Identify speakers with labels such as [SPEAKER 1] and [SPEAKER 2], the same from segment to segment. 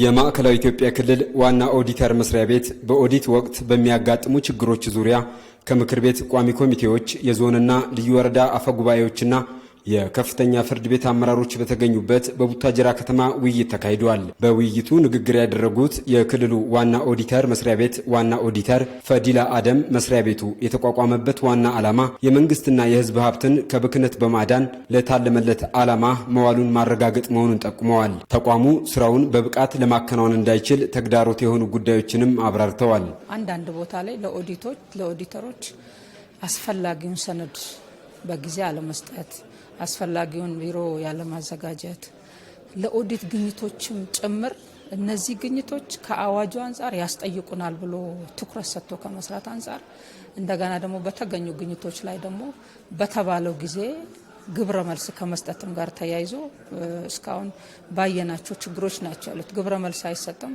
[SPEAKER 1] የማዕከላዊ ኢትዮጵያ ክልል ዋና ኦዲተር መስሪያ ቤት በኦዲት ወቅት በሚያጋጥሙ ችግሮች ዙሪያ ከምክር ቤት ቋሚ ኮሚቴዎች፣ የዞንና ልዩ ወረዳ አፈ ጉባኤዎችና የከፍተኛ ፍርድ ቤት አመራሮች በተገኙበት በቡታጀራ ከተማ ውይይት ተካሂዷል። በውይይቱ ንግግር ያደረጉት የክልሉ ዋና ኦዲተር መስሪያ ቤት ዋና ኦዲተር ፈዲላ አደም መስሪያ ቤቱ የተቋቋመበት ዋና ዓላማ የመንግስትና የህዝብ ሀብትን ከብክነት በማዳን ለታለመለት ዓላማ መዋሉን ማረጋገጥ መሆኑን ጠቁመዋል። ተቋሙ ስራውን በብቃት ለማከናወን እንዳይችል ተግዳሮት የሆኑ ጉዳዮችንም አብራርተዋል።
[SPEAKER 2] አንዳንድ ቦታ ላይ ለኦዲቶች ለኦዲተሮች አስፈላጊውን ሰነድ በጊዜ አለመስጠት አስፈላጊውን ቢሮ ያለማዘጋጀት ለኦዲት ግኝቶችም ጭምር እነዚህ ግኝቶች ከአዋጁ አንጻር ያስጠይቁናል ብሎ ትኩረት ሰጥቶ ከመስራት አንጻር እንደገና ደግሞ በተገኙ ግኝቶች ላይ ደግሞ በተባለው ጊዜ ግብረ መልስ ከመስጠትም ጋር ተያይዞ እስካሁን ባየናቸው ችግሮች ናቸው ያሉት። ግብረ መልስ አይሰጥም።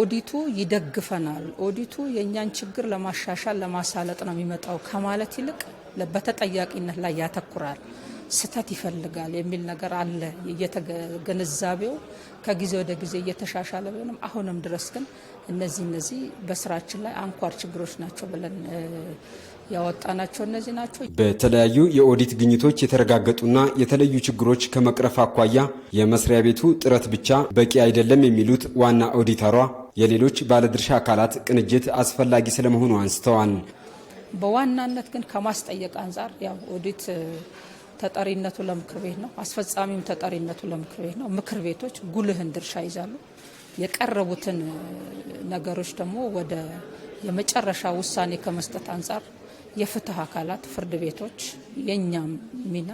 [SPEAKER 2] ኦዲቱ ይደግፈናል፣ ኦዲቱ የእኛን ችግር ለማሻሻል ለማሳለጥ ነው የሚመጣው ከማለት ይልቅ በተጠያቂነት ላይ ያተኩራል። ስህተት ይፈልጋል የሚል ነገር አለ። ግንዛቤው ከጊዜ ወደ ጊዜ እየተሻሻለ ቢሆንም አሁንም ድረስ ግን እነዚህ እነዚህ በስራችን ላይ አንኳር ችግሮች ናቸው ብለን ናቸው። እነዚህ ናቸው።
[SPEAKER 1] በተለያዩ የኦዲት ግኝቶች የተረጋገጡና የተለዩ ችግሮች ከመቅረፍ አኳያ የመስሪያ ቤቱ ጥረት ብቻ በቂ አይደለም የሚሉት ዋና ኦዲተሯ የሌሎች ባለድርሻ አካላት ቅንጅት አስፈላጊ ስለመሆኑ አንስተዋል።
[SPEAKER 2] በዋናነት ግን ከማስጠየቅ አንጻር ያው ኦዲት ተጠሪነቱ ለምክር ቤት ነው። አስፈጻሚውም ተጠሪነቱ ለምክር ቤት ነው። ምክር ቤቶች ጉልህን ድርሻ ይዛሉ። የቀረቡትን ነገሮች ደግሞ ወደ የመጨረሻ ውሳኔ ከመስጠት አንጻር የፍትህ አካላት ፍርድ ቤቶች፣ የእኛም ሚና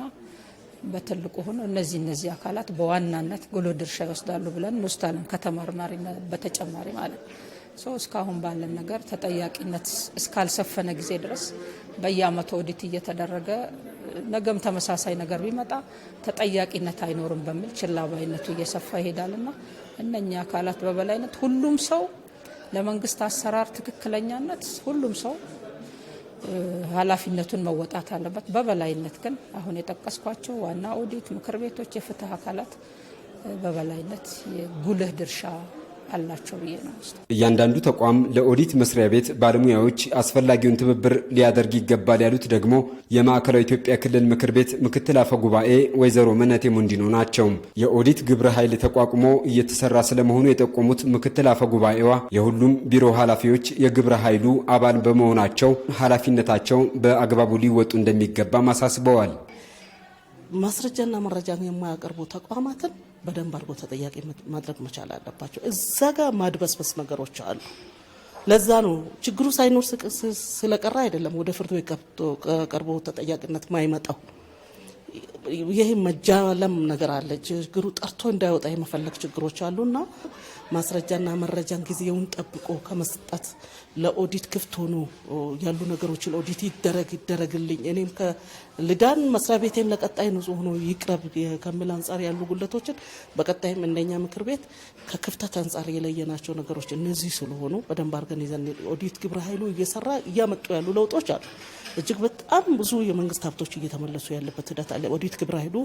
[SPEAKER 2] በትልቁ ሆኖ እነዚህ እነዚህ አካላት በዋናነት ጉልህ ድርሻ ይወስዳሉ ብለን እንወስዳለን። ከተመርማሪና በተጨማሪ ማለት ነው። እስካሁን ባለን ነገር ተጠያቂነት እስካልሰፈነ ጊዜ ድረስ በየአመቱ ኦዲት እየተደረገ ነገም ተመሳሳይ ነገር ቢመጣ ተጠያቂነት አይኖርም በሚል ችላ ባይነቱ እየሰፋ ይሄዳልና እነኛ አካላት በበላይነት ሁሉም ሰው ለመንግስት አሰራር ትክክለኛነት ሁሉም ሰው ኃላፊነቱን መወጣት አለበት። በበላይነት ግን አሁን የጠቀስኳቸው ዋና ኦዲት፣ ምክር ቤቶች፣ የፍትህ አካላት በበላይነት የጉልህ ድርሻ አላቸው ብዬ ነው።
[SPEAKER 1] እያንዳንዱ ተቋም ለኦዲት መስሪያ ቤት ባለሙያዎች አስፈላጊውን ትብብር ሊያደርግ ይገባል ያሉት ደግሞ የማዕከላዊ ኢትዮጵያ ክልል ምክር ቤት ምክትል አፈ ጉባኤ ወይዘሮ መነቴ ሙንዲኖ ናቸው። የኦዲት ግብረ ኃይል ተቋቁሞ እየተሰራ ስለመሆኑ የጠቆሙት ምክትል አፈ ጉባኤዋ የሁሉም ቢሮ ኃላፊዎች የግብረ ኃይሉ አባል በመሆናቸው ኃላፊነታቸው በአግባቡ ሊወጡ እንደሚገባም አሳስበዋል።
[SPEAKER 2] ማስረጃና መረጃ የማያቀርቡ ተቋማትን በደንብ አድርጎ ተጠያቂ ማድረግ መቻል አለባቸው። እዛ ጋር ማድበስበስ ነገሮች አሉ። ለዛ ነው ችግሩ ሳይኖር ስለቀረ አይደለም ወደ ፍርድ ቤት ቀርቦ ተጠያቂነት ማይመጣው። ይህ መጃለም ነገር አለ። ችግሩ ጠርቶ እንዳይወጣ የመፈለግ ችግሮች አሉና ማስረጃና መረጃን ጊዜውን ጠብቆ ከመስጠት ለኦዲት ክፍት ሆኖ ያሉ ነገሮችን ኦዲት ይደረግ ይደረግልኝ፣ እኔም ከልዳን መስሪያ ቤቴም ለቀጣይ ንጹህ ሆኖ ይቅረብ ከሚል አንጻር ያሉ ጉለቶችን በቀጣይም እንደኛ ምክር ቤት ከክፍተት አንጻር የለየናቸው ነገሮች እነዚህ ስለሆኑ በደንብ አድርገን ይዘን ኦዲት ግብረ ኃይሉ እየሰራ እያመጡ ያሉ ለውጦች አሉ። እጅግ በጣም ብዙ የመንግስት ሀብቶች እየተመለሱ ያለበት ሂደት አለ። ኦዲት ግብረ ኃይሉ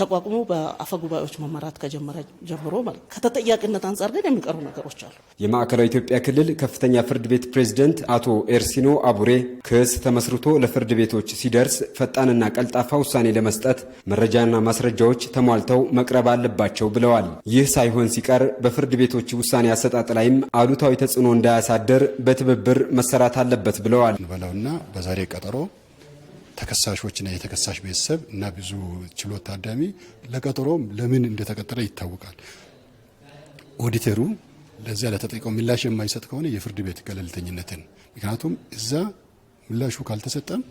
[SPEAKER 2] ተቋቁሞ በአፈ ጉባኤዎች መመራት ከጀመረ ጀምሮ ማለት ከተጠያቂነት አንጻር ግን የሚቀሩ ነገሮች አሉ።
[SPEAKER 1] የማዕከላዊ ኢትዮጵያ ክልል ከፍተኛ ፍርድ ቤት ፕሬዝደንት አቶ ኤርሲኖ አቡሬ ክስ ተመስርቶ ለፍርድ ቤቶች ሲደርስ ፈጣንና ቀልጣፋ ውሳኔ ለመስጠት መረጃና ማስረጃዎች ተሟልተው መቅረብ አለባቸው ብለዋል። ይህ ሳይሆን ሲቀር በፍርድ ቤቶች ውሳኔ አሰጣጥ ላይም አሉታዊ ተጽዕኖ እንዳያሳደር በትብብር መሰራት አለበት ብለዋል።
[SPEAKER 3] በለውና በዛሬ ቀጠሮ ተከሳሾችና የተከሳሽ ቤተሰብ እና ብዙ ችሎት ታዳሚ ለቀጠሮም ለምን እንደተቀጠረ ይታወቃል። ኦዲተሩ ለዚያ ለተጠቀው ምላሽ የማይሰጥ ከሆነ የፍርድ ቤት ገለልተኝነትን ምክንያቱም እዛ ምላሹ ካልተሰጠም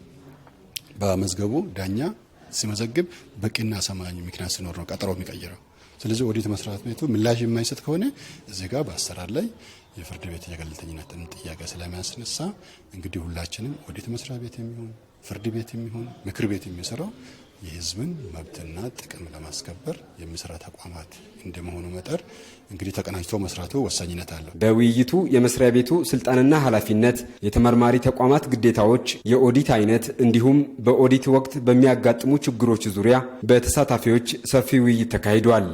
[SPEAKER 3] በመዝገቡ ዳኛ ሲመዘግብ በቂና አሳማኝ ምክንያት ሲኖር ነው ቀጠሮ የሚቀይረው። ስለዚህ ኦዲት መስራት ቤቱ ምላሽ የማይሰጥ ከሆነ እዚህ ጋር በአሰራር ላይ የፍርድ ቤት የገለልተኝነትን ጥያቄ ስለሚያስነሳ እንግዲህ ሁላችንም ኦዲት መስሪያ ቤት የሚሆን ፍርድ ቤት የሚሆን ምክር ቤት የሚሰራው የህዝብን መብትና ጥቅም ለማስከበር የሚሰራ ተቋማት እንደመሆኑ መጠር እንግዲህ ተቀናጅቶ መስራቱ ወሳኝነት አለው።
[SPEAKER 1] በውይይቱ የመስሪያ ቤቱ ስልጣንና ኃላፊነት፣ የተመርማሪ ተቋማት ግዴታዎች፣ የኦዲት አይነት እንዲሁም በኦዲት ወቅት በሚያጋጥሙ ችግሮች ዙሪያ በተሳታፊዎች ሰፊ ውይይት ተካሂዷል።